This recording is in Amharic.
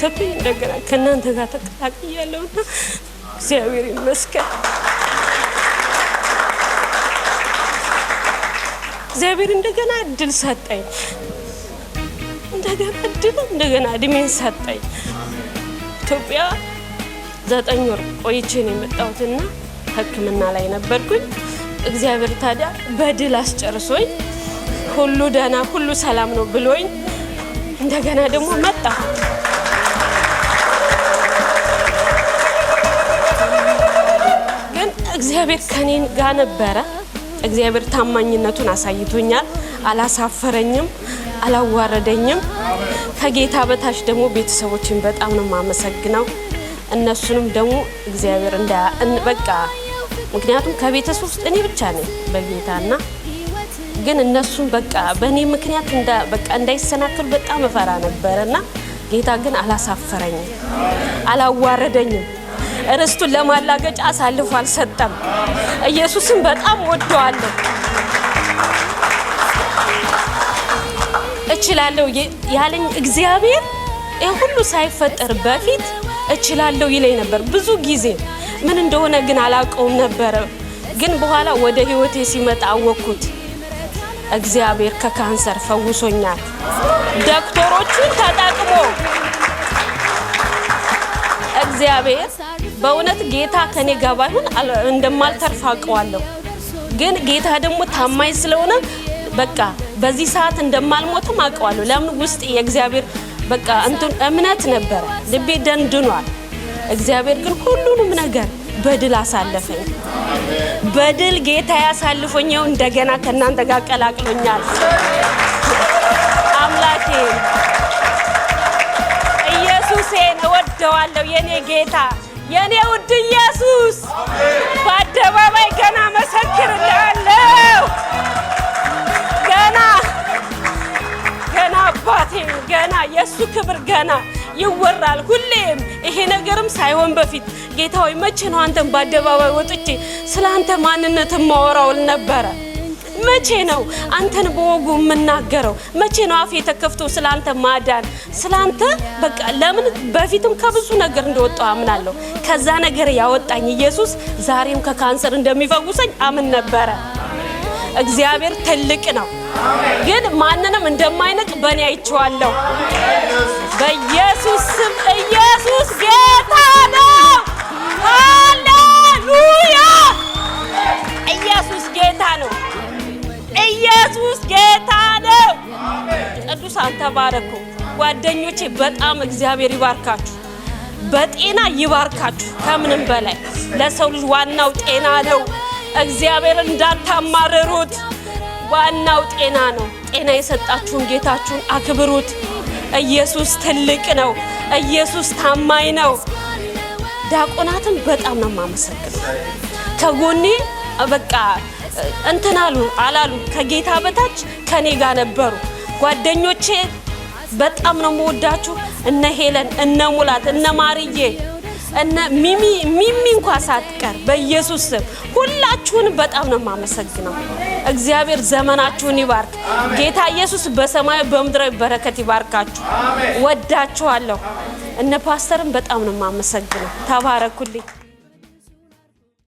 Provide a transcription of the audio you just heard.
ደረሰብኝ። እንደገና ከእናንተ ጋር ተቀላቅያለሁና እግዚአብሔር ይመስገን። እግዚአብሔር እንደገና እድል ሰጠኝ። እንደገና እድል እንደገና እድሜን ሰጠኝ። ኢትዮጵያ ዘጠኝ ወር ቆይቼ ነው የመጣሁትና ሕክምና ላይ ነበርኩኝ። እግዚአብሔር ታዲያ በድል አስጨርሶኝ ሁሉ ደህና ሁሉ ሰላም ነው ብሎኝ እንደገና ደግሞ መጣሁ። እግዚአብሔር ከኔ ጋር ነበረ። እግዚአብሔር ታማኝነቱን አሳይቶኛል። አላሳፈረኝም፣ አላዋረደኝም። ከጌታ በታች ደግሞ ቤተሰቦችን በጣም ነው የማመሰግነው። እነሱንም ደግሞ እግዚአብሔር በቃ ምክንያቱም ከቤተሰብ ውስጥ እኔ ብቻ ነኝ በጌታና ግን እነሱን በቃ በእኔ ምክንያት በቃ እንዳይሰናክል በጣም እፈራ ነበረና ጌታ ግን አላሳፈረኝም፣ አላዋረደኝም። ርስቱን ለማላገጫ አሳልፎ አልሰጠም። ኢየሱስን በጣም ወደዋለሁ። እችላለሁ ያለኝ እግዚአብሔር ይህ ሁሉ ሳይፈጠር በፊት እችላለሁ ይለኝ ነበር ብዙ ጊዜ። ምን እንደሆነ ግን አላውቀውም ነበረ። ግን በኋላ ወደ ህይወቴ ሲመጣ አወቅኩት። እግዚአብሔር ከካንሰር ፈውሶኛል፣ ዶክተሮቹን ተጠቅሞ እግዚአብሔር በእውነት ጌታ ከኔ ጋር ባይሆን እንደማልተርፍ አውቀዋለሁ። ግን ጌታ ደግሞ ታማኝ ስለሆነ በቃ በዚህ ሰዓት እንደማልሞትም አውቀዋለሁ። ለምን ውስጥ የእግዚአብሔር በቃ እንትን እምነት ነበረ፣ ልቤ ደንድኗል። እግዚአብሔር ግን ሁሉንም ነገር በድል አሳለፈኝ። በድል ጌታ ያሳልፎኛው እንደገና ከእናንተ ጋር ቀላቅሎኛል። አምላኬ ኢየሱሴን እወደዋለሁ የእኔ ጌታ የኔ ውድ ኢየሱስ በአደባባይ ገና መሰክርልሃለሁ። ገና ገና አባቴ ገና የእሱ ክብር ገና ይወራል ሁሌም። ይሄ ነገርም ሳይሆን በፊት ጌታ ሆይ መቼ ነው አንተን በአደባባይ ወጥቼ ስለ አንተ ማንነት ማወራውል ነበረ መቼ ነው አንተን በወጉ የምናገረው? መቼ ነው አፌ የተከፍቶ ስላንተ ማዳን ስላንተ በቃ ለምን በፊትም ከብዙ ነገር እንደወጣው አምናለሁ። ከዛ ነገር ያወጣኝ ኢየሱስ ዛሬም ከካንሰር እንደሚፈውሰኝ አምን ነበረ። እግዚአብሔር ትልቅ ነው፣ ግን ማንንም እንደማይነቅ በእኔ አይቼዋለሁ። በኢየሱስ ስም ኢየሱስ ጌታ ነው። ቅዱስ አንተ ባረኮ። ጓደኞቼ በጣም እግዚአብሔር ይባርካችሁ፣ በጤና ይባርካችሁ። ከምንም በላይ ለሰው ልጅ ዋናው ጤና ነው። እግዚአብሔር እንዳታማርሩት፣ ዋናው ጤና ነው። ጤና የሰጣችሁን ጌታችሁን አክብሩት። ኢየሱስ ትልቅ ነው። ኢየሱስ ታማኝ ነው። ዲያቆናትን በጣም ነው የማመሰግነው። ከጎኔ በቃ እንትን አሉ አላሉ ከጌታ በታች ከኔ ጋር ነበሩ። ጓደኞቼ በጣም ነው የምወዳችሁ። እነ ሄለን፣ እነ ሙላት፣ እነ ማርዬ፣ እነ ሚሚ ሚሚ እንኳ ሳትቀር በኢየሱስ ስም ሁላችሁን በጣም ነው የማመሰግነው። እግዚአብሔር ዘመናችሁን ይባርክ። ጌታ ኢየሱስ በሰማያዊ በምድራዊ በረከት ይባርካችሁ። ወዳችኋለሁ። እነ ፓስተርም በጣም ነው የማመሰግነው። ተባረኩልኝ።